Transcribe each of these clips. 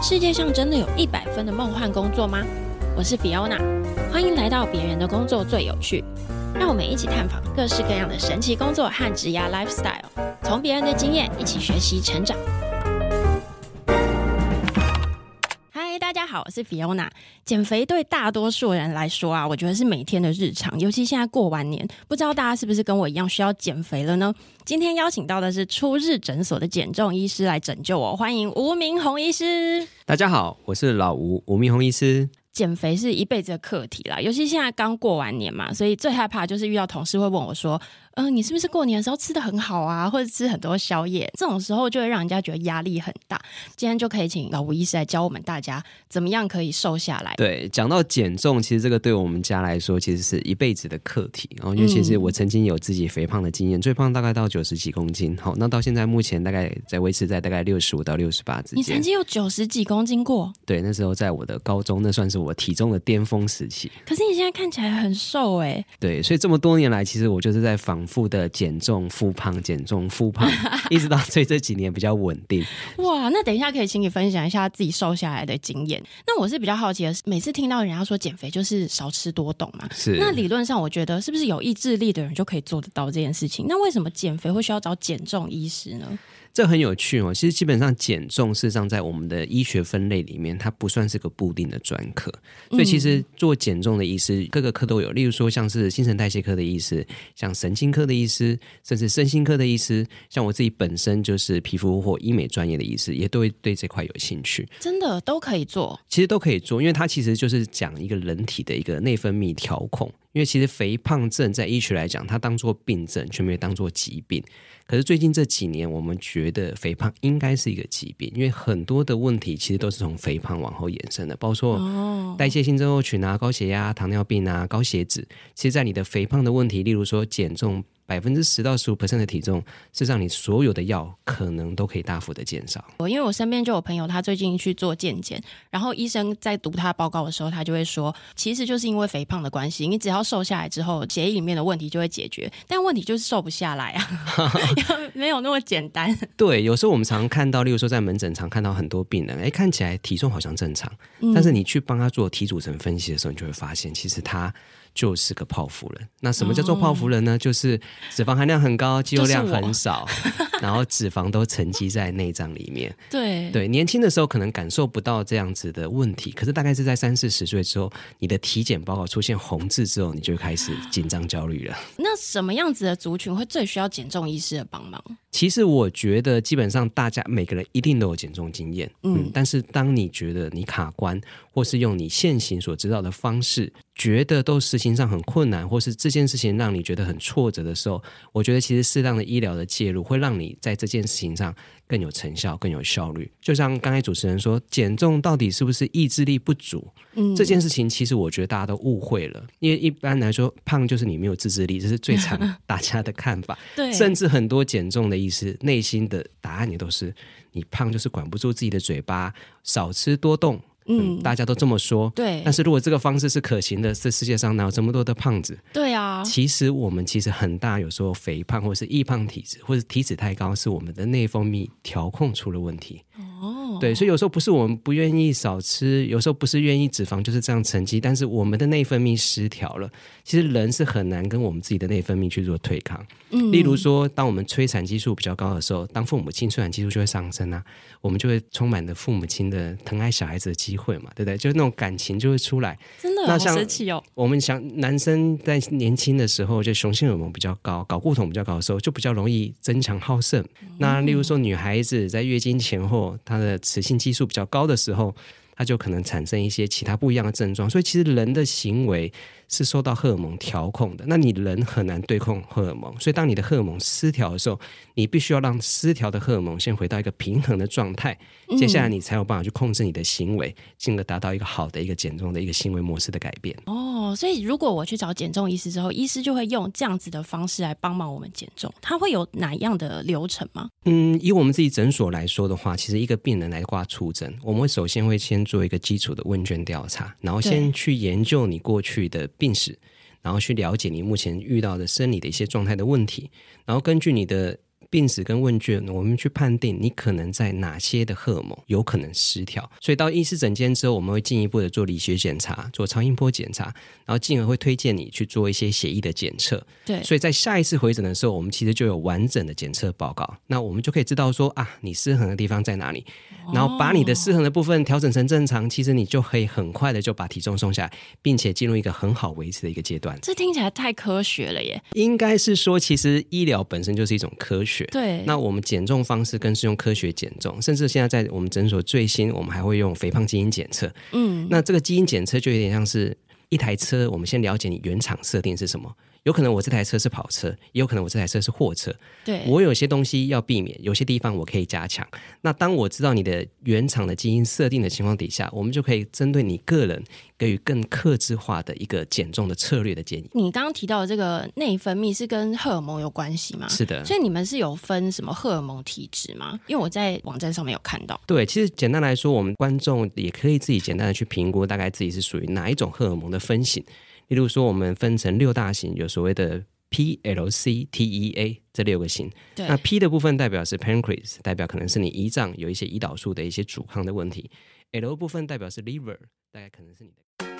世界上真的有一百分的夢幻工作嗎？我是 Fiona，歡迎來到別人的工作最有趣。讓我們一起探訪各式各樣的神奇工作和職業 lifestyle，從別人的經驗一起學習成長。好，我是 Fiona。減肥對大多數人來說啊，我覺得是每天的日常，尤其現在過完年，不知道大家是不是跟我一樣需要減肥了呢？今天邀請到的是初日診所的減重醫師來拯救我，歡迎吳銘鋐醫師。大家好，我是老吳，吳銘鋐醫師。減肥是一輩子的課題啦，尤其現在剛過完年嘛，所以最害怕就是遇到同事會問我說。嗯、呃，你是不是過年的時候吃得很好啊，或者吃很多宵夜？這種時候就會讓人家覺得壓力很大。今天就可以請老吳醫師來教我們大家怎麼樣可以瘦下來。對，講到減重，其實這個對我們家來說，其實是一輩子的課題。然、哦、後，尤其是我曾經有自己肥胖的經驗，最胖大概到九十幾公斤。好、哦，那到現在目前大概在維持在大概六十五到六十八之間。你曾經有九十幾公斤過？對，那時候在我的高中，那算是我體重的巔峰時期。可是你現在看起來很瘦哎、欸。對，所以這麼多年來，其實我就是在防復的減重復胖減重復胖，一直到最近這幾年比較穩定。 哇，那等一下可以請你分享一下自己瘦下來的經驗。那我是比較好奇的是，每次聽到人家說減肥就是少吃多動嘛，是那理論上我覺得是不是有意志力的人就可以做得到這件事情？那為什麼減肥會需要找減重醫師呢？這很有趣哦。其實基本上，減重事實上在我們的醫學分類裡面，它不算是個固定的專科。所以其實做減重的醫師，各個科都有。例如說，像是新陳代謝科的醫師，像神經科的醫師，甚至身心科的醫師。像我自己本身就是皮膚或醫美專業的醫師，也都會對這塊有興趣。真的都可以做，其實都可以做，因為它其實就是講一個人體的一個內分泌調控。因為其實肥胖症在醫學來講，它當做病症，卻沒有當做疾病。可是最近這幾年，我們覺得肥胖應該是一個疾病，因為很多的問題其實都是從肥胖往後延伸的，包括代謝性症候群啊、高血壓、糖尿病啊、高血脂。其實，在你的肥胖的問題，例如說減重。百分之十到十五 percent 的體重，是讓你所有的藥可能都可以大幅的減少。我因為我身邊就有朋友，他最近去做健檢，然後醫生在讀他報告的時候，他就會說，其實就是因為肥胖的關係，你只要瘦下來之後，血液裡面的問題就會解決。但問題就是瘦不下來啊， 沒有那麼簡單。 對，有時候我們常看到，例如說在門診常看到很多病人，哎，看起來體重好像正常，嗯，但是你去幫他做體組成分析的時候，你就會發現，其實他。就是個泡芙人。那什麼叫做泡芙人呢？嗯、就是脂肪含量很高，肌肉量很少，是 然後脂肪都沉積在內臟裡面。對對，年輕的時候可能感受不到這樣子的問題，可是大概是在三四十歲之後，你的體檢報告出現紅字之後，你就開始緊張焦慮了。那什麼樣子的族群會最需要減重醫師的幫忙？其實我覺得，基本上大家每個人一定都有減重經驗，嗯，但是當你覺得你卡關，或是用你現行所知道的方式，覺得都實行上很困難，或是這件事情讓你覺得很挫折的時候，我覺得其實適當的醫療的介入，會讓你在這件事情上更有成效、更有效率。就像剛才主持人說，減重到底是不是意志力不足？嗯，這件事情其實我覺得大家都誤會了，嗯、因為一般來說，胖就是你沒有自制力，這是最常大家的看法， 對，甚至很多減重的。其實內心的答案也都是，你胖就是管不住自己的嘴巴，少吃多動。嗯，嗯大家都這麼說。對，但是如果這個方式是可行的，這世界上哪有這麼多的胖子？對啊，其實我們其實很大，有時候肥胖或是易胖體質，或者體脂太高，是我們的內分泌調控出了問題。哦，對，所以有時候不是我們不願意少吃，有時候不是願意脂肪就是這樣沉積，但是我們的內分泌失調了。其實人是很難跟我們自己的內分泌去做對抗。嗯，例如說，當我們催產激素比較高的時候，當父母親催產激素就會上升啊，我們就會充滿着父母親的疼愛小孩子的機會嘛，對不對？就是那種感情就會出來。那像我們想，男生在年輕的時候，就雄性荷爾蒙比較高，睪固酮比較高的時候，就比較容易爭強好勝。那例如說，女孩子在月經前後，她的雌性激素比較高的時候，她就可能產生一些其他不一樣的症狀。所以，其實人的行為，是受到荷爾蒙調控的，那你人很難對抗荷爾蒙，所以當你的荷爾蒙失調的時候，你必須要讓失調的荷爾蒙先回到一個平衡的狀態，接下來你才有辦法去控制你的行為，進而達到一個好的一個減重的一個行為模式的改變。哦，所以如果我去找減重醫師之後，醫師就會用這樣子的方式來幫忙我們減重，它會有哪樣的流程嗎？嗯，以我們自己診所來說的話，其實一個病人來掛初診，我們會首先會先做一個基礎的問卷調查，然後先去研究你過去的。病史，然後去了解你目前遇到的生理的一些狀態的問題，然後根據你的。病史跟問卷，我們去判定你可能在哪些的荷爾蒙，有可能失調，所以到醫師診間之後，我們會進一步的做理學檢查，做超音波檢查，然後進而會推薦你去做一些血液的檢測。對，所以在下一次回診的時候，我們其實就有完整的檢測報告，那我們就可以知道說啊，你失衡的地方在哪裡，然後把你的失衡的部分調整成正常，哦、其實你就可以很快的就把體重鬆下來，並且進入一個很好維持的一個階段。這聽起來太科學了耶！應該是說，其實醫療本身就是一種科學。對，那我們減重方式更是用科學減重，甚至現在在我們診所最新，我們還會用肥胖基因檢測。嗯，那這個基因檢測就有點像是一台車，我們先了解你原廠設定是什麼，有可能我這台車是跑車，也有可能我這台車是貨車。對，我有些東西要避免，有些地方我可以加強。那當我知道你的原廠的基因設定的情況底下，我們就可以針對你個人。給予更客製化的一個減重的策略的建議。你剛剛提到的這個內分泌是跟荷爾蒙有關係嗎？是的。所以你們是有分什麼荷爾蒙體質嗎？因為我在網站上面有看到。對，其實簡單來說，我們觀眾也可以自己簡單的去評估，大概自己是屬於哪一種荷爾蒙的分型。例如說，我們分成六大型，有所謂的 P L C T E A 這六個型。對，那 P 的部分代表是 pancreas，代表可能是你胰臟有一些胰島素的一些阻抗的問題。L 部分代表是 liver，大概可能是你的。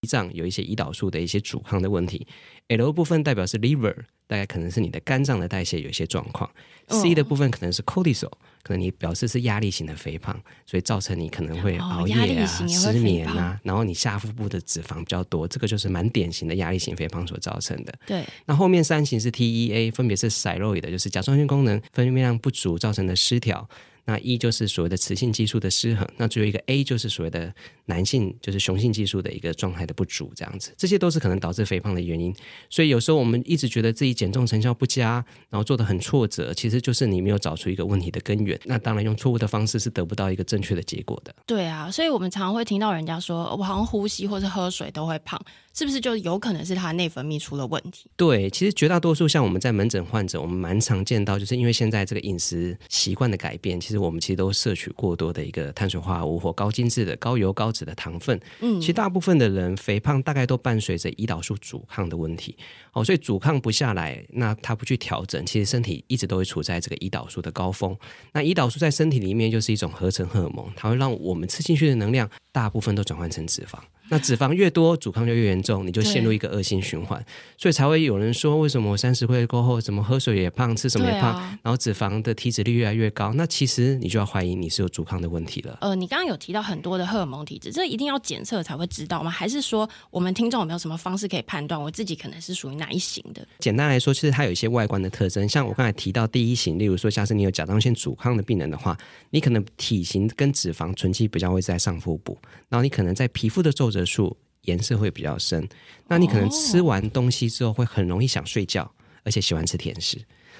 胰臟有一些胰島素的一些阻抗的問題，L 部分代表是 liver，大概可能是你的肝臟的代謝有一些狀況。哦、C 的部分可能是 cortisol 可能你表示是壓力型的肥胖，所以造成你可能會熬夜啊、失眠啊，然後你下腹部的脂肪比較多，這個就是蠻典型的壓力型肥胖所造成的。對，那後面三型是 T E A，分別是 thyroid 的，就是甲狀腺功能分泌量不足造成的失調。那一、e、就是所謂的雌性激素的失衡，那最後一個 A 就是所謂的男性，就是雄性激素的一個狀態的不足，這樣子，這些都是可能導致肥胖的原因。所以有時候我們一直覺得自己減重成效不佳，然後做得很挫折，其實就是你沒有找出一個問題的根源。那當然用錯誤的方式是得不到一個正確的結果的。對啊，所以我們常常會聽到人家說，我好像呼吸或是喝水都會胖。是不是就有可能是他內分泌出了問題？對，其實絕大多數像我們在門診患者，我們蠻常見到，就是因為現在這個飲食習慣的改變，其實我們其實都攝取過多的一個碳水化合物或高精緻的、高油高脂的糖分。嗯，其實大部分的人肥胖大概都伴隨着胰島素阻抗的問題。哦，所以阻抗不下來，那他不去調整，其實身體一直都會處在這個胰島素的高峰。那胰島素在身體裡面就是一種合成荷爾蒙，它會讓我們吃進去的能量大部分都轉換成脂肪。那脂肪越多，阻抗就越嚴重，你就陷入一個惡性循環，對所以才會有人說，為什麼我三十歲過後，怎麼喝水也胖，吃什麼也胖，啊、然後脂肪的體脂率越來越高？那其實你就要懷疑你是有阻抗的問題了。呃，你剛剛有提到很多的荷爾蒙體質，這一定要檢測才會知道嗎？還是說我們聽眾有沒有什麼方式可以判斷我自己可能是屬於哪一型的？簡單來說，其實它有一些外觀的特徵，像我剛才提到第一型，例如說，像是你有甲狀腺阻抗的病人的話，你可能體型跟脂肪囤積比較會在上腹部，然後你可能在皮膚的皺褶。色素顏色會比較深，那你可能吃完東西之後會很容易想睡覺，而且喜歡吃甜食。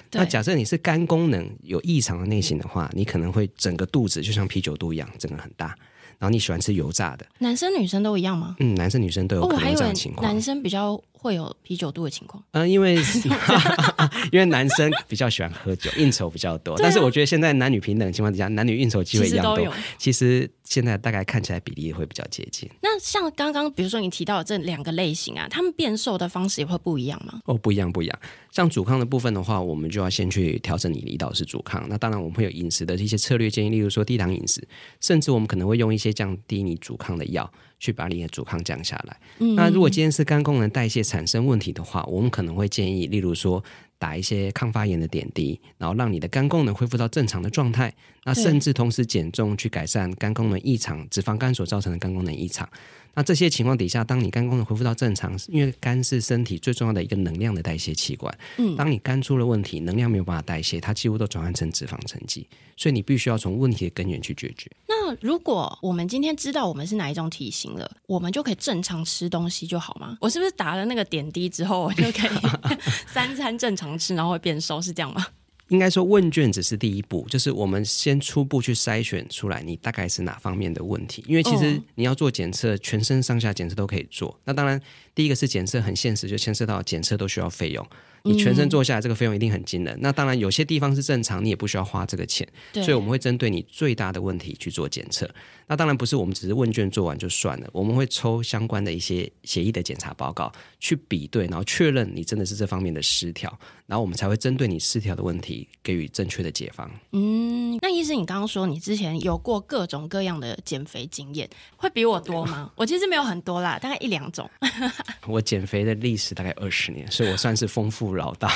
對那假設你是肝功能有異常的類型的話，嗯、你可能會整個肚子就像啤酒肚一樣，整個很大。然後你喜歡吃油炸的，男生女生都一樣嗎？嗯，男生女生都有，可能有這種情況，哦、男生比較會有啤酒肚的情況。嗯、呃，因為、 啊啊、因為男生比較喜歡喝酒， 應酬比較多。啊、但是我覺得現在男女平等的情況下，男女應酬機會一樣多。其實，其實。現在大概看起來比例會比較接近。那像剛剛比如說你提到的這兩個類型啊，他們變瘦的方式也會不一樣嗎？哦，不一樣，不一樣。像阻抗的部分的話，我們就要先去調整你胰島素阻抗。那當然我們會有飲食的一些策略建議，例如說低糖飲食，甚至我們可能會用一些降低你阻抗的藥去把你的阻抗降下來。嗯、那如果今天是肝功能代謝產生問題的話，我們可能會建議，例如說打一些抗發炎的點滴，然後讓你的肝功能恢復到正常的狀態。那甚至同時減重，去改善肝功能異常、脂肪肝所造成的肝功能異常。那這些情況底下，當你肝功能恢復到正常，因為肝是身體最重要的一個能量的代謝器官。嗯，當你肝出了問題，能量沒有辦法代謝，它幾乎都轉換成脂肪沉積。所以你必須要從問題的根源去解決。那如果我們今天知道我們是哪一種體型了，我們就可以正常吃東西就好嗎？我是不是打了那個點滴之後，我就可以 三餐正常吃，然後會變瘦，是這樣嗎？應該說，問卷只是第一步，就是我們先初步去篩選出來你大概是哪方面的問題，因為其實你要做檢測，oh. 全身上下檢測都可以做，那當然。第一個是檢測很現實，就牽涉到檢測都需要費用，你全身做下來這個費用一定很驚人。嗯，那當然有些地方是正常，你也不需要花這個錢。對所以我們會針對你最大的問題去做檢測。那當然不是我們只是問卷做完就算了，我們會抽相關的一些協議的檢查報告去比對，然後確認你真的是這方面的失調，然後我們才會針對你失調的問題給予正確的解方。嗯，那醫師你剛剛說你之前有過各種各樣的減肥經驗，會比我多嗎？對我其實沒有很多啦，大概一兩種。 我減肥的歷史大概二十年，所以我算是豐富老道。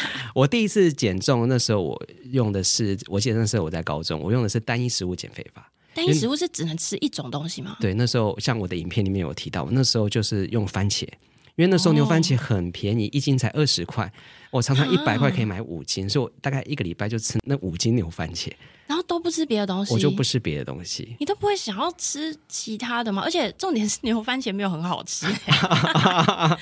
我第一次減重那時候，我用的是，我記得那時候我在高中，我用的是單一食物減肥法。單一食物是只能吃一種東西嗎？對，那時候像我的影片裡面有提到，那時候就是用番茄，因為那時候牛番茄很便宜，哦，一斤才二十塊。我常常一百塊可以買五斤，嗯、所以我大概一個禮拜就吃那五斤牛番茄，然後都不吃別的東西，我就不吃別的東西，你都不會想要吃其他的嗎？而且重點是牛番茄沒有很好吃，對呀，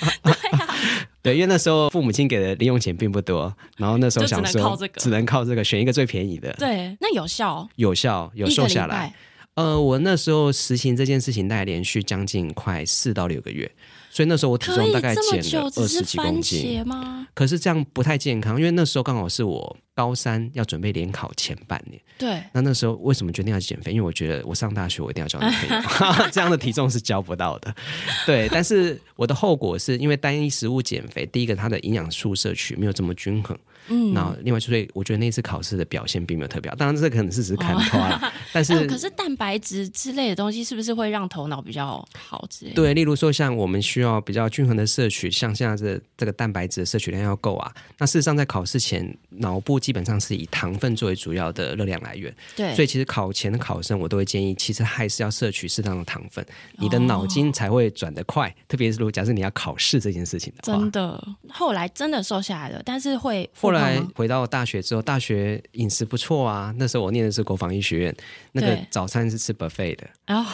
對，因為那時候父母親給的零用錢並不多，然後那時候想說就只能靠這個、只能靠這個，選一個最便宜的，對，那有效，有效，有瘦下來，呃，我那時候實行這件事情大概連續將近快四到六個月。所以那時候我體重大概減了二十幾公斤，可是，可是這樣不太健康，因為那時候剛好是我高三要準備聯考前半年。對，那那時候為什麼決定要減肥？因為我覺得我上大學，我一定要交女朋友， 這樣的體重是交不到的。對，但是我的後果是因為單一食物減肥，第一個它的營養素攝取沒有這麼均衡。嗯，然後另外，所以我覺得那次考試的表現並沒有特別好，當然這個可能是只是看頭了。哦、但是，可是蛋白質之類的東西是不是會讓頭腦比較好之類？對，例如說像我們需要比較均衡的攝取，像現在這個、這個蛋白質的攝取量要夠啊。那事實上，在考試前，腦部基本上是以糖分作為主要的熱量來源。對，所以其實考前的考生，我都會建議，其實還是要攝取適當的糖分，你的腦筋才會轉得快。哦、特別是如果假設你要考試這件事情的話，真的後來真的瘦下來了，但是會。後來回到大學之後，大學飲食不錯啊。那時候我念的是國防醫學院，那個早餐是吃 buffet 的，Oh.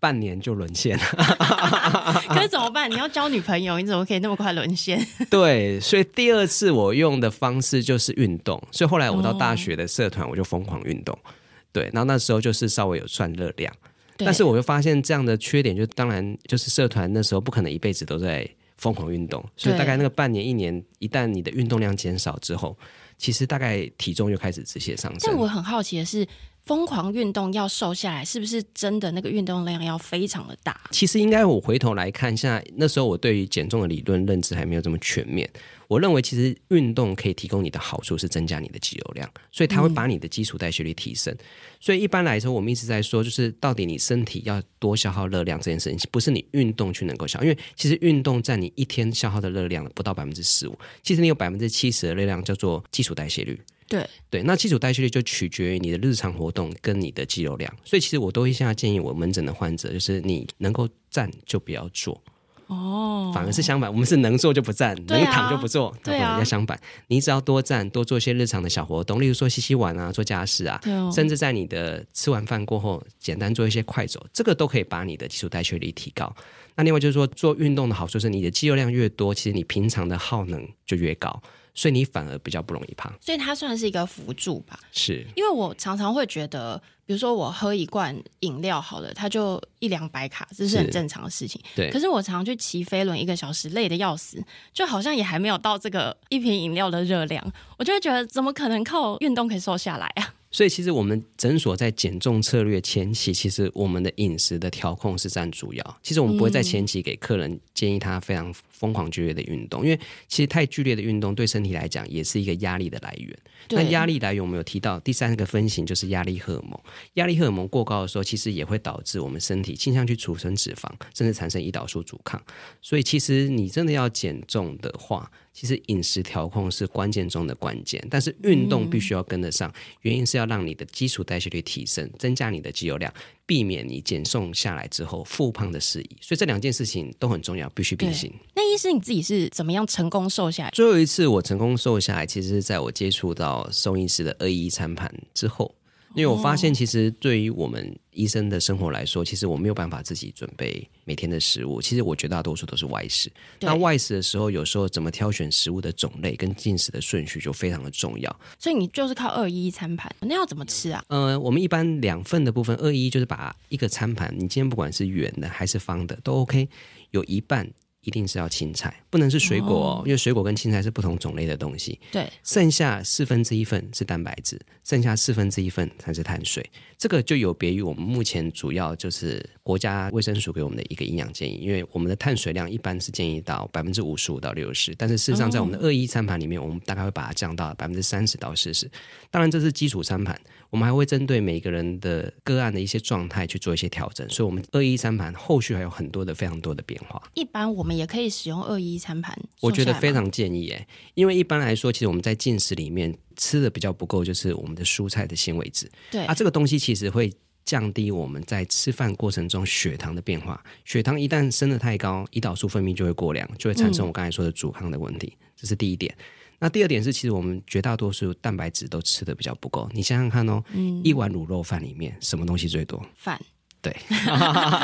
半年就淪陷了。 可是怎麼辦？你要交女朋友，你怎麼可以那麼快淪陷？ 對，所以第二次我用的方式就是運動。所以後來我到大學的社團，我就瘋狂運動。Oh. 對，然後那時候就是稍微有算熱量，對但是我又發現這樣的缺點就，就當然就是社團那時候不可能一輩子都在。瘋狂運動，所以大概那個半年，一年，對一旦你的運動量減少之後，其實大概體重就開始直線上升。但我很好奇的是。瘋狂運動要瘦下來，是不是真的那個運動量要非常的大？其實應該我回頭來看一下，那時候我對於減重的理論認知還沒有這麼全面。我認為其實運動可以提供你的好處是增加你的肌肉量，所以它會把你的基礎代謝率提升。嗯。所以一般來說，我們一直在說，就是到底你身體要多消耗熱量這件事情，不是你運動去能夠消耗，因為其實運動佔你一天消耗的熱量不到百分之十五，其實你有百分之七十的熱量叫做基礎代謝率。對對，那基礎代謝率就取決於你的日常活動跟你的肌肉量，所以其實我都會現在建議我門診的患者，就是你能夠站就不要坐哦，反而是相反，我們是能坐就不站，啊、能躺就不坐，要、啊、相反，你只要多站多做一些日常的小活動，例如說洗洗碗啊、做家事啊，哦、甚至在你的吃完飯過後，簡單做一些快走，這個都可以把你的基礎代謝率提高。那另外就是說，做運動的好處是，你的肌肉量越多，其實你平常的耗能就越高。所以你反而比較不容易胖，所以它算是一個輔助吧。是，因為我常常會覺得，比如說我喝一罐飲料好了，它就一兩百卡，這是很正常的事情。對。可是我常常去騎飛輪一個小時，累得要死，就好像也還沒有到這個一瓶飲料的熱量，我就會覺得怎麼可能靠運動可以瘦下來啊？所以其實我們診所在減重策略前期，其實我們的飲食的調控是占主要。其實我們不會在前期給客人建議他非常。瘋狂劇烈的運動，因為其實太劇烈的運動對身體來講也是一個壓力的來源。對那壓力來源我們有提到第三個分型就是壓力荷爾蒙。壓力荷爾蒙過高的時候，其實也會導致我們身體傾向去儲存脂肪，甚至產生胰島素阻抗。所以其實你真的要減重的話，其實飲食調控是關鍵中的關鍵，但是運動必須要跟得上，嗯、原因是要讓你的基礎代謝率提升，增加你的肌肉量，避免你減重下來之後復胖的事宜，所以這兩件事情都很重要，必須並行。那醫師你自己是怎麼樣成功瘦下來？最後一次我成功瘦下來，其實是在我接觸到宋醫師的211餐盤之後。因為我發現，其實，對於我們醫生的生活來說，哦、其實我沒有辦法自己準備每天的食物。其實我絕大多數都是外食。對那外食的時候，有時候怎麼挑選食物的種類跟進食的順序就非常的重要。所以你就是靠211餐盤，那要怎麼吃啊？呃，我們一般兩份的部分，211就是把一個餐盤，你今天不管是圓的還是方的都 OK，有一半，一定是要青菜，不能是水果，哦、因為水果跟青菜是不同種類的東西。對，剩下四分之一份是蛋白質，剩下四分之一份才是碳水。這個就有別於我們目前主要就是國家衛生署給我們的一個營養建議，因為我們的碳水量一般是建議到百分之五十五到六十，但是事實上在我們的二一餐盤裡面，嗯、我們大概會把它降到百分之三十到四十。當然，這是基礎餐盤，我們還會針對每個人的個案的一些狀態去做一些調整，所以，我們二一餐盤後續還有很多的非常多的變化。一般我們。也可以使用二一餐盤，我覺得非常建議哎，因為一般來說，其實我們在進食裡面吃的比較不夠，就是我們的蔬菜的纖維質。對啊，這個東西其實會降低我們在吃飯過程中血糖的變化。血糖一旦升得太高，胰島素分泌就會過量，就會產生我剛才說的阻抗的問題。嗯、這是第一點。那第二點是，其實我們絕大多數蛋白質都吃的比較不夠。你想想看哦，嗯、一碗滷肉飯裡面什麼東西最多？飯。對，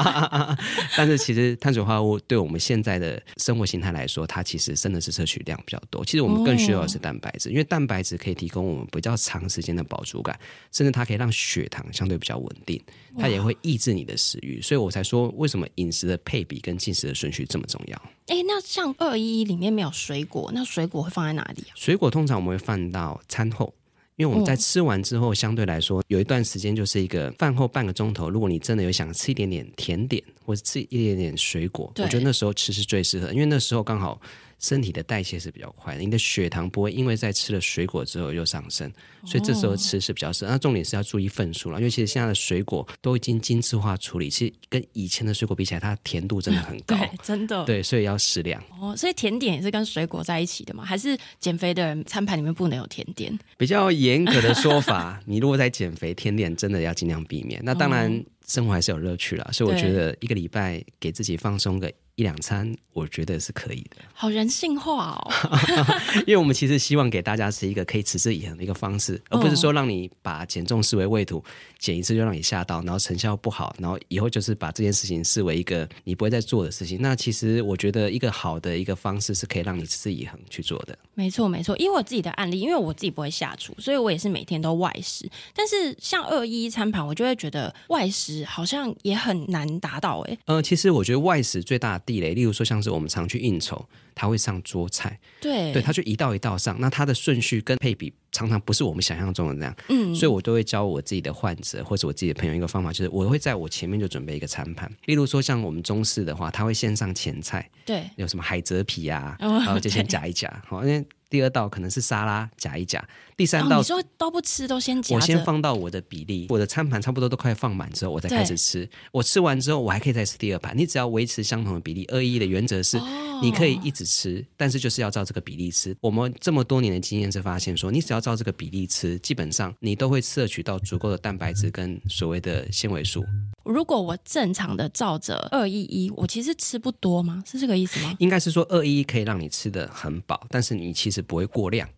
但是其實碳水化合物對我們現在的生活形態來說，它其實真的是攝取量比較多。其實我們更需要的是蛋白質，嗯、因為蛋白質可以提供我們比較長時間的飽足感，甚至它可以讓血糖相對比較穩定，它也會抑制你的食慾。哇所以我才說，為什麼飲食的配比跟進食的順序這麼重要？誒，那像211裡面沒有水果，那水果會放在哪裡啊？水果通常我們會放到餐後。因為我們在吃完之後，相對來說有一段時間，就是一個飯後半個鐘頭。如果你真的有想吃一點點甜點，或者吃一點點水果，我覺得那時候吃是最適合，因為那時候剛好。身體的代謝是比較快的，你的血糖不會因為在吃了水果之後又上升，哦、所以這時候吃是比較適合，那重點是要注意份數了，因為其實現在的水果都已經精致化處理，其實跟以前的水果比起來，它的甜度真的很高，嗯、對，真的，對，所以要適量。哦，所以甜點也是跟水果在一起的嗎？還是減肥的人餐盤裡面不能有甜點？比較嚴格的說法， 你如果在減肥，甜點真的要盡量避免。那當然，生活還是有樂趣啦。嗯、所以我覺得一個禮拜給自己放鬆個。一兩餐我覺得是可以的。好人性化哦！ 因為我們其實希望給大家是一個可以持之以恆的一個方式，而不是說讓你把減重視為畏途，減一次就讓你嚇到，然後成效不好，然後以後就是把這件事情視為一個你不會再做的事情。那其實我覺得一個好的一個方式是可以讓你持之以恆去做的。沒錯，沒錯，因為我自己的案例，因為我自己不會下廚，所以我也是每天都外食。但是像二一餐盤，我就會覺得外食好像也很難達到哎、欸。呃，其實我覺得外食最大地雷，例如說像是我們常去應酬，他會上桌菜，對，對他就一道一道上，那他的順序跟配比常常不是我們想象中的那樣，嗯，所以我都會教我自己的患者或者我自己的朋友一個方法，就是我會在我前面就準備一個餐盤，例如說像我們中式的話，他會先上前菜，對，有什麼海蜇皮呀、啊，對然後就先夾一夾，好、哦，因為第二道可能是沙拉，夾一夾。第三道你說都不吃都先，我先放到我的比例，我的餐盤差不多都快放滿之後，我再開始吃。我吃完之後，我還可以再吃第二盤。你只要維持相同的比例，二一一的原則是，你可以一直吃，但是就是要照這個比例吃。我們這麼多年的經驗是發現說，你只要照這個比例吃，基本上你都會攝取到足夠的蛋白質跟所謂的纖維素。如果我正常的照着二一一，我其實吃不多嗎？是這個意思嗎？應該是說二一一可以讓你吃得很飽，但是你其實不會過量。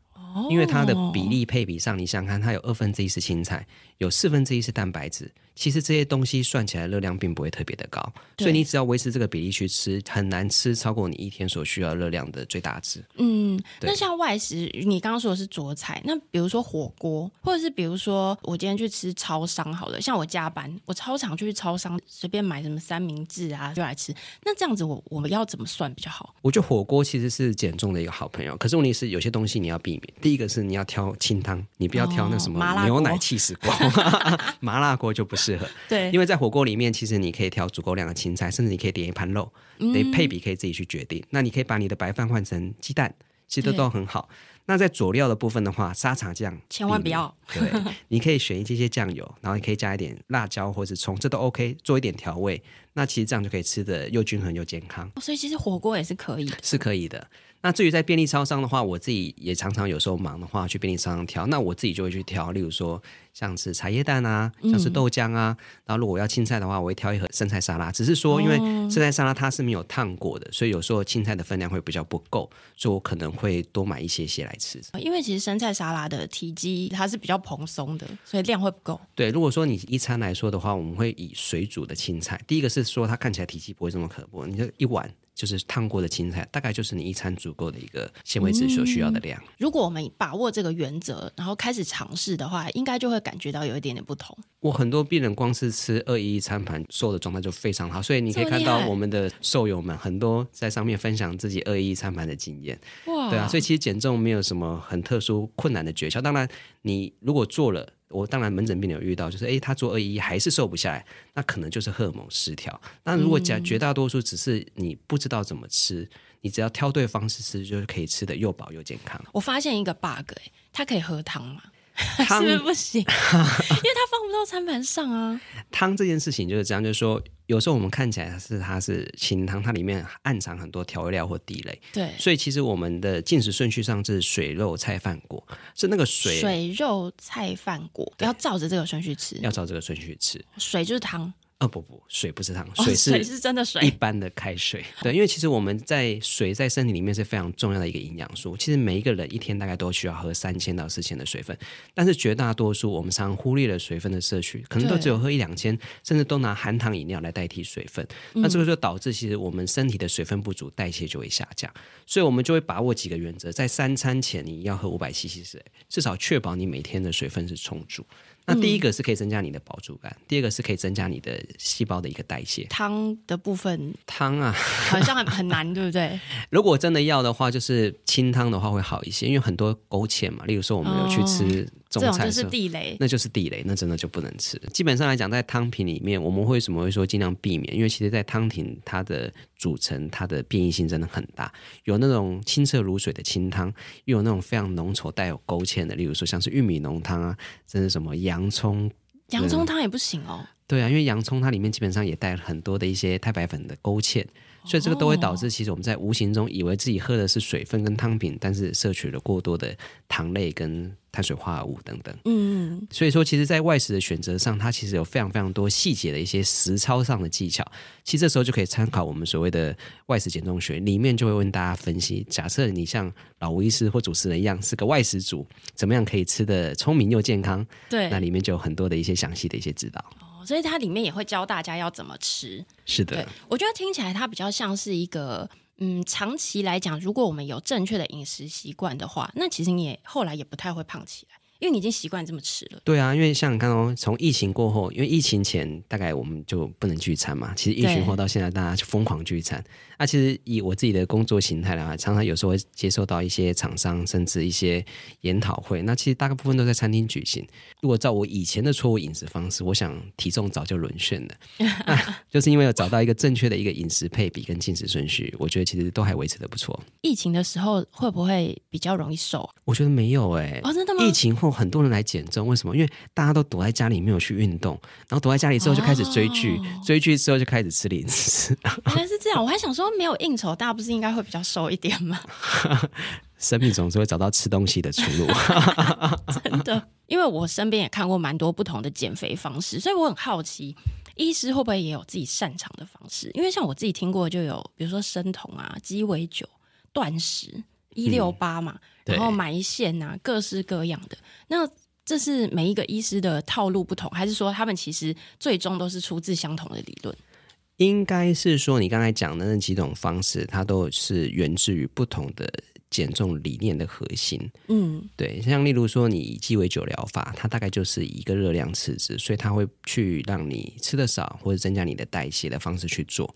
因為它的比例配比上，你想看，它有二分之一是青菜，有四分之一是蛋白質。其實這些東西算起來熱量並不會特別的高，對所以你只要維持這個比例去吃，很難吃超過你一天所需要熱量的最大值。嗯，對那像外食，你剛剛說的是做菜，那比如說火鍋，或者是比如說我今天去吃超商好了，像我加班，我超常去超商隨便買什麼三明治啊就來吃，那這樣子我我要怎麼算比較好？我覺得火鍋其實是減重的一個好朋友，可是問題是有些東西你要避免，第一個是你要挑清湯，你不要挑那什麼牛奶起司、哦、鍋， 麻辣鍋就不是。對，因為在火鍋裡面，其實你可以調足夠量的青菜，甚至你可以點一盤肉，那配比可以自己去決定。嗯、那你可以把你的白飯換成雞蛋，其實都，都很好。嗯那在佐料的部分的話，沙茶醬千萬不要。對， 你可以選一些些醬油，然後你可以加一點辣椒，或是蔥，這都 OK。做一點調味，那其實這樣就可以吃得又均衡又健康。哦，所以其實火鍋也是可以，是可以的。那至於在便利超商的話，我自己也常常有時候忙的話，去便利超商挑。那我自己就會去挑，例如說像是茶葉蛋啊，像是豆漿啊。嗯，然後如果要青菜的話，我會挑一盒生菜沙拉。只是說，因為生菜沙拉它是沒有燙過的，所以有時候青菜的分量會比較不夠，所以我可能會多買一些些。因為其實生菜沙拉的體積它是比較蓬鬆的，所以量會不夠。對，如果說你一餐來說的話，我們會以水煮的青菜。第一個是說它看起來體積不會這麼可怖，你就一碗。就是燙過的青菜，大概就是你一餐足夠的一個纖維質所需要的量。嗯，如果我們把握這個原則，然後開始嘗試的話，應該就會感覺到有一點點不同。我很多病人光是吃二一一餐盤，瘦的狀態就非常好，所以你可以看到我們的瘦友們很多在上面分享自己二一一餐盤的經驗。哇，對啊，所以其實減重沒有什麼很特殊困難的訣竅。當然，你如果做了。我當然門診病人有遇到，就是哎，他做二一一還是瘦不下來，那可能就是荷爾蒙失調。那如果講絕大多數，只是你不知道怎麼吃，嗯、你只要挑對方式吃，就是可以吃得又飽又健康。我發現一個 bug 他可以喝湯嗎？湯是不是不行， 因為它放不到餐盤上啊。湯 這件事情就是這樣，就是說有時候我們看起來是它是清湯，它裡面暗藏很多調味料或地雷。對，所以其實我們的進食順序上是水肉菜飯果，是那個水水肉菜飯果，對要照着這個順序吃，要照這個順序吃，水就是湯。啊、哦，不不，水不是糖，水是是真的水，一般的開水。哦、水水對，因為其實我們在水在身體裡面是非常重要的一個營養素。其實每一個人一天大概都需要喝三千到四千的水分，但是絕大多數我們常常忽略了水分的攝取，可能都只有喝一兩千，對甚至都拿含糖飲料來代替水分。嗯、那這個就導致其實我們身體的水分不足，代謝就會下降。所以我們就會把握幾個原則，在三餐前你要喝五百 cc 水，至少確保你每天的水分是充足。那第一個是可以增加你的飽足感，嗯、第二個是可以增加你的細胞的一個代謝。湯的部分，湯啊，好像很很難， 對不對？如果真的要的話，就是清湯的話會好一些，因為很多勾芡嘛。例如說，我們有去吃中菜的、哦、這那就是地雷，那就是地雷，那真的就不能吃。基本上來講，在湯品裡面，我們為什麼會說盡量避免，因為其實在湯品它的。組成它的變異性真的很大，有那種清澈如水的清湯，又有那種非常濃稠帶有勾芡的，例如說像是玉米濃湯啊，甚至什麼洋蔥等等，洋蔥湯也不行哦。對啊，因為洋蔥它裡面基本上也帶很多的一些太白粉的勾芡，所以這個都會導致其實我們在無形中以為自己喝的是水分跟湯品，但是攝取了過多的糖類跟。碳水化合物等等，嗯嗯，所以說，其實在外食的選擇上，它其實有非常非常多細節的一些實操上的技巧。其實這時候就可以參考我們所謂的外食減重學，裡面就會問大家分析：假設你像老吳醫師或主持人一樣是個外食族，怎麼樣可以吃得聰明又健康？對，那裡面就有很多的一些詳細的一些指導。哦，所以它裡面也會教大家要怎麼吃。是的對，我覺得聽起來它比較像是一個。嗯，長期來講，如果我們有正確的飲食習慣的話，那其實你也後來也不太會胖起來，因為你已經習慣這麼吃了。對啊，因為像你看從疫情過後，因為疫情前大概我們就不能聚餐嘛，其實疫情後到現在大家就瘋狂聚餐。那、啊、其實以我自己的工作形態的話，常常有時候會接受到一些廠商，甚至一些研討會。那其實大部分都在餐廳舉行。如果照我以前的錯誤飲食方式，我想體重早就淪陷了。 就是因為有找到一個正確的一個飲食配比跟進食順序，我覺得其實都還維持得不錯。疫情的時候會不會比較容易瘦？我覺得沒有誒、欸哦。真的嗎？疫情後很多人來減重，為什麼？因為大家都躲在家裡沒有去運動，然後躲在家裡之後就開始追劇，哦、追劇之後就開始吃零食。原來是這樣，我還想說。沒有應酬，大家不是應該會比較瘦一點嗎？ 生命總是會找到吃東西的出路 ， 真的。因為我身邊也看過蠻多不同的減肥方式，所以我很好奇，醫師會不會也有自己擅長的方式？因為像我自己聽過的，就有比如說生酮啊、雞尾酒、斷食、一六八嘛，嗯、然後埋線吶、啊，各式各樣的。那這是每一個醫師的套路不同，還是說他們其實最終都是出自相同的理論？應該是說，你剛才講的那幾種方式，它都是源自於不同的減重理念的核心，嗯，對，像例如說你雞尾酒療法，它大概就是一個熱量赤字，所以它會去讓你吃得少或者增加你的代謝的方式去做。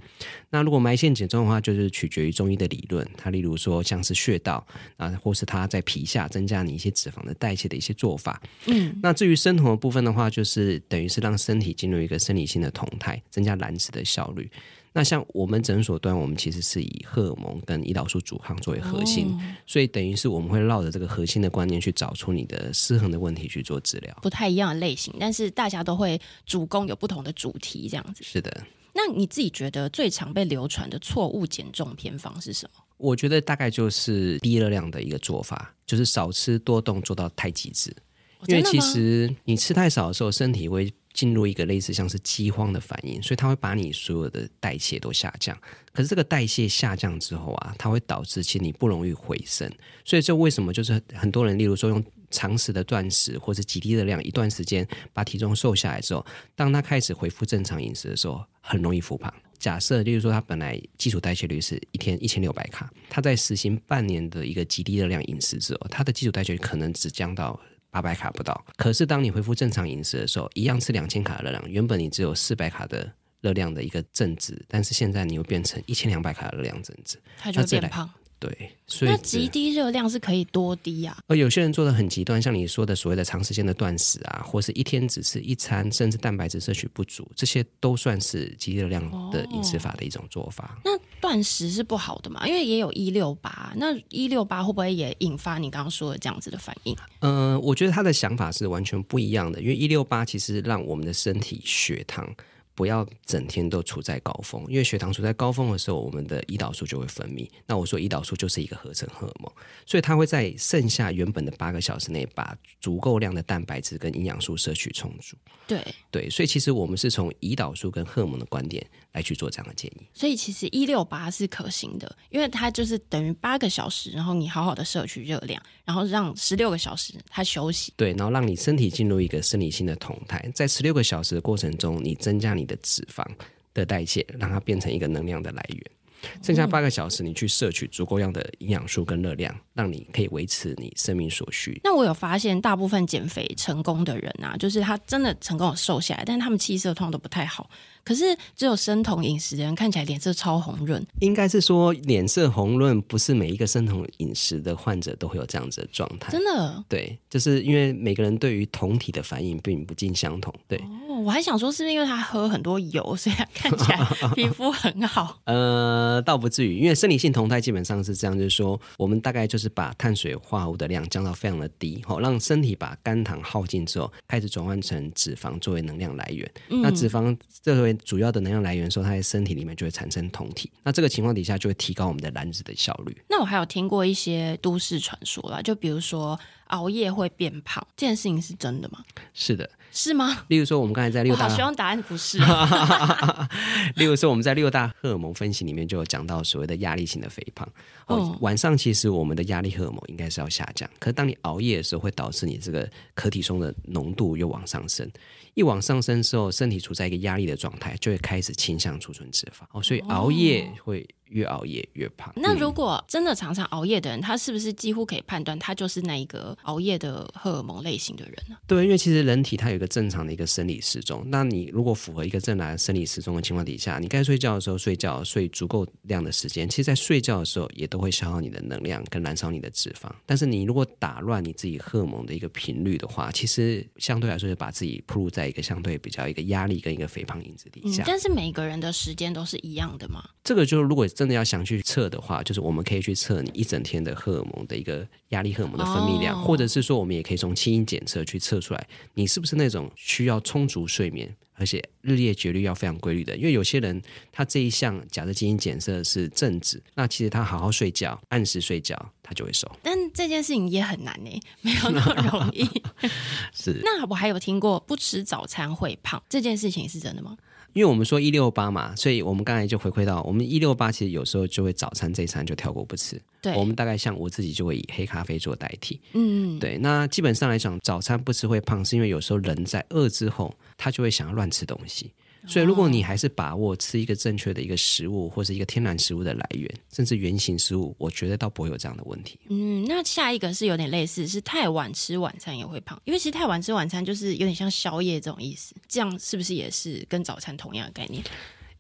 那如果埋線減重的話，就是取決於中醫的理論，它例如說像是穴道啊，或是它在皮下增加你一些脂肪的代謝的一些做法，嗯。那至於生酮的部分的話，就是等於是讓身體進入一個生理性的酮態，增加燃脂的效率。那像我們診所端，我們其實是以荷爾蒙跟胰島素阻抗作為核心，哦、所以等於是我們會繞着這個核心的觀念去找出你的失衡的問題去做治療，不太一樣的類型，但是大家都會主攻有不同的主題，這樣子。是的。那你自己覺得最常被流傳的錯誤減重偏方是什麼？我覺得大概就是低熱量的一個做法，就是少吃多動做到太極致，哦、因為其實你吃太少的時候，身體會進入一個類似像是饑荒的反應，所以它會把你所有的代謝都下降。可是這個代謝下降之後啊，它會導致其實你不容易回升。所以這為什麼就是很多人，例如說用長時的斷食或者極低熱量一段時間把體重瘦下來之後，當他開始恢復正常飲食的時候，很容易復胖。假設例如說他本來基礎代謝率是一天一千六百卡，他在實行半年的一個極低熱量飲食之後，他的基礎代謝率可能只降到八百卡不到，可是當你恢復正常飲食的時候，一樣是兩千卡的熱量。原本你只有四百卡的熱量的一個正值，但是現在你又變成一千兩百卡的熱量正值，那就變胖。對，所以那極低熱量是可以多低啊？而有些人做的很極端，像你說的所謂的長時間的斷食啊，或是一天只吃一餐，甚至蛋白質攝取不足，這些都算是極低熱量的飲食法的一種做法。哦、那斷食是不好的嘛？因為也有一六八，那一六八會不會也引發你剛剛說的這樣子的反應？嗯、呃，我覺得他的想法是完全不一樣的，因為一六八其實讓我們的身體血糖。不要整天都處在高峰，因為血糖處在高峰的時候，我們的胰島素就會分泌。那我說胰島素就是一個合成荷爾蒙，所以它會在剩下原本的八個小時內，把足夠量的蛋白質跟營養素攝取充足。對對，所以其實我們是從胰島素跟荷爾蒙的觀點，來去做這樣的建議，所以其實一六八是可行的，因為它就是等於八個小時，然後你好好的攝取熱量，然後讓十六個小時它休息，對，然後讓你身體進入一個生理性的酮態，在十六個小時的過程中，你增加你的脂肪的代謝，讓它變成一個能量的來源，嗯、剩下八個小時你去攝取足夠量的營養素跟熱量，讓你可以維持你生命所需。那我有發現，大部分減肥成功的人啊，就是他真的成功瘦下來，但是他們氣色通常都不太好。可是只有生酮飲食的人看起來臉色超紅潤，應該是說臉色紅潤，不是每一個生酮飲食的患者，都會有這樣子的狀態。真的？對，就是因為每個人對於酮體的反應並不盡相同。對、哦，我還想說是不是因為他喝很多油，所以他看起來哦哦哦哦哦皮膚很好？呃，倒不至於，因為生理性酮體基本上是這樣，就是說我們大概就是把碳水化合物的量降到非常的低，好、哦、讓身體把肝糖耗盡之後，開始轉換成脂肪作為能量來源。嗯、那脂肪這回。主要的能量來源的時候，它身體裡面就會產生酮體，那這個情況底下就會提高我們的燃脂的效率。那我還有聽過一些都市傳說啦，就比如說熬夜會變胖，這件事情是真的嗎？是的，是嗎？例如說，我們剛才在六大，學問答案不是、啊。 例如說，我們在六大荷爾蒙分析裡面就有講到所謂的壓力性的肥胖。嗯、哦，晚上其實我們的壓力荷爾蒙應該是要下降，可是當你熬夜的時候，會導致你這個可體松的濃度又往上升。一往上升之後，身體處在一個壓力的狀態，就會開始傾向儲存脂肪哦。所以熬夜會。越熬夜越胖。那如果真的常常熬夜的人，他是不是幾乎可以判斷他就是那一個熬夜的荷爾蒙類型的人呢？對，因為其實人體它有一個正常的一個生理時鐘。那你如果符合一個正常生理時鐘的情況底下，你該睡覺的時候睡覺，睡足夠量的時間，其實，在睡覺的時候也都會消耗你的能量跟燃燒你的脂肪。但是，你如果打亂你自己荷爾蒙的一個頻率的話，其實相對來說就把自己鋪路在一個相對比較一個壓力跟一個肥胖因子底下。嗯，但是，每個人的時間都是一樣的嗎？這個就是如果真的真的要想去測的話，就是我們可以去測你一整天的荷爾蒙的一個壓力荷爾蒙的分泌量，哦、或者是說，我們也可以從基因檢測去測出來，你是不是那種需要充足睡眠，而且日夜節律要非常規律的。因為有些人他這一項假設基因檢測是正值，那其實他好好睡覺、按時睡覺，他就會瘦。但這件事情也很難呢，沒有那麼容易。 是。那我還有聽過不吃早餐會胖這件事情是真的嗎？因為我們說一六八嘛，所以我們剛才就回饋到我們一六八，其實有時候就會早餐這一餐就跳過不吃。對，我們大概像我自己就會以黑咖啡做代替。嗯，對。那基本上來講，早餐不吃會胖，是因為有時候人在餓之後，他就會想要亂吃東西。所以，如果你還是把握吃一個正確的一個食物，或者是一個天然食物的來源，甚至原型食物，我覺得倒不會有這樣的問題。嗯，那下一個是有點類似，是太晚吃晚餐也會胖，因為其實太晚吃晚餐就是有點像宵夜這種意思，這樣是不是也是跟早餐同樣的概念？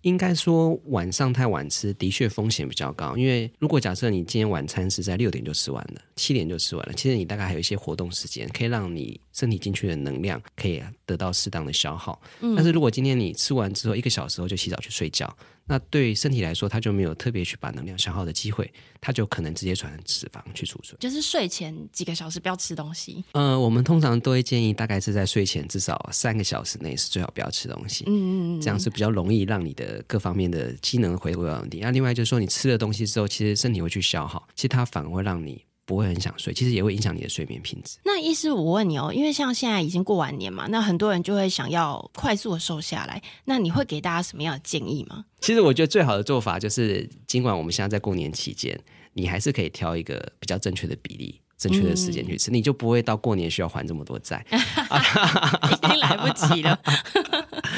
應該說，晚上太晚吃的確風險比較高。因為如果假設你今天晚餐是在六點就吃完了，七點就吃完了，其實你大概還有一些活動時間，可以讓你身體進去的能量可以得到適當的消耗。嗯，但是如果今天你吃完之後一個小時後就洗澡去睡覺。那對身體來說，他就沒有特別去把能量消耗的機會，他就可能直接轉成脂肪去儲存。就是睡前幾個小時不要吃東西。呃，我們通常都會建議，大概是在睡前至少三個小時內是最好不要吃東西。嗯，嗯，嗯，這樣是比較容易讓你的各方面的機能恢復到穩定。那另外就是說，你吃了東西之後，其實身體會去消耗，其實它反而會讓你。不會很想睡，其實也會影響你的睡眠品質。那醫師，我問你哦，因為像現在已經過完年嘛，那很多人就會想要快速的瘦下來。那你會給大家什麼樣的建議嗎？其實我覺得最好的做法就是，儘管我們現在在過年期間，你還是可以挑一個比較正確的比例，正確的時間去吃，嗯、你就不會到過年需要還這麼多債。已經 來不及了。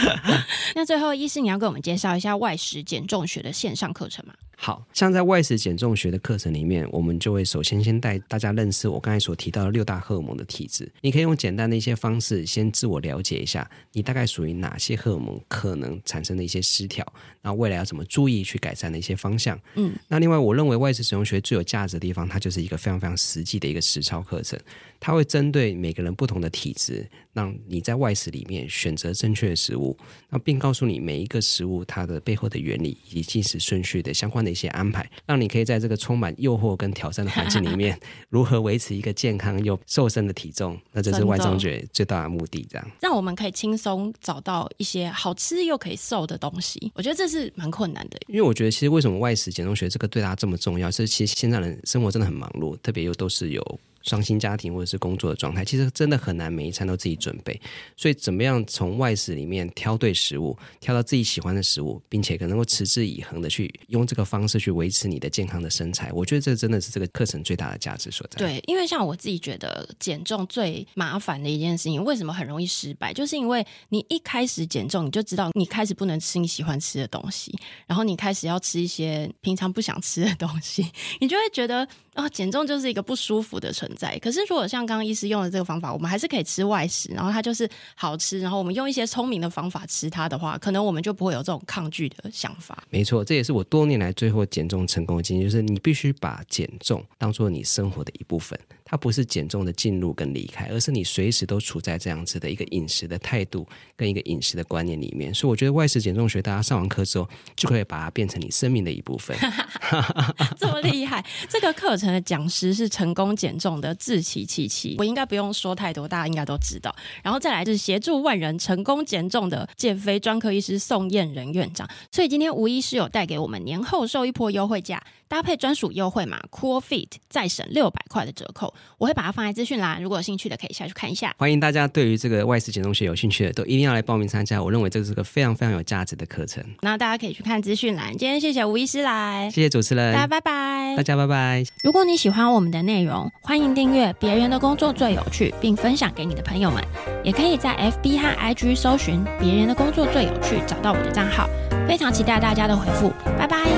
那最後，醫師你要給我們介紹一下外食減重學的線上課程嗎？好像在外食減重學的課程裡面，我們就會首先先帶大家認識我剛才所提到的六大荷爾蒙的體質，你可以用簡單的一些方式先自我了解一下，你大概屬於哪些荷爾蒙可能產生的一些失調。那未來要怎麼注意去改善的一些方向？嗯，那另外我認為外食減重學最有價值的地方，它就是一個非常非常實際的一個實操課程。它會針對每個人不同的體質，讓你在外食裡面選擇正確的食物，那並告訴你每一個食物它的背後的原理以及進食順序的相關的一些安排，讓你可以在這個充滿誘惑跟挑戰的環境裡面， 如何維持一個健康又瘦身的體重。那這是外食減重學最大的目的，這樣。讓我們可以輕鬆找到一些好吃又可以瘦的東西。我覺得這是。是蠻困難的，因為我覺得其實為什麼外食減重學這個對他這麼重要？是其實現在人生活真的很忙碌，特別又都是有。雙薪家庭或者是工作的狀態，其實真的很難每一餐都自己準備。所以，怎麼樣從外食裡面挑對食物，挑到自己喜歡的食物，並且可能夠持之以恆的去用這個方式去維持你的健康的身材？我覺得這真的是這個課程最大的價值所在。對，因為像我自己覺得減重最麻煩的一件事情，為什麼很容易失敗？就是因為你一開始減重，你就知道你開始不能吃你喜歡吃的東西，然後你開始要吃一些平常不想吃的東西，你就會覺得。啊，減重就是一個不舒服的存在。可是，如果像剛剛醫師用的這個方法，我們還是可以吃外食，然後它就是好吃，然後我們用一些聰明的方法吃它的話，可能我們就不會有這種抗拒的想法。沒錯，這也是我多年來最後減重成功的經驗，就是你必須把減重當做你生活的一部分。它不是減重的進入跟離開，而是你隨時都處在這樣子的一個飲食的態度跟一個飲食的觀念裡面。所以我覺得外食減重學，大家上完課之後就可以把它變成你生命的一部分。哈哈哈，這麼厲害！這個課程的講師是成功減重的志祺七七，我應該不用說太多，大家應該都知道。然後再來就是協助萬人成功減重的減肥專科醫師宋晏仁院長。所以今天吳醫師有帶給我們年後瘦一波優惠價，搭配專屬優惠碼 CoolFit 再省六百塊的折扣。我會把它放在資訊欄，如果有興趣的可以下去看一下。歡迎大家對於這個外食減重學有興趣的，都一定要來報名參加，我認為這是個非常非常有價值的課程。那大家可以去看資訊欄。今天謝謝吳醫師來，謝謝主持人，大家拜拜，大家拜拜。如果你喜歡我們的內容，歡迎訂閱《別人的工作最有趣》，並分享給你的朋友們。也可以在 FB 和 IG 搜尋《別人的工作最有趣》，找到我的賬號。非常期待大家的回復，拜拜。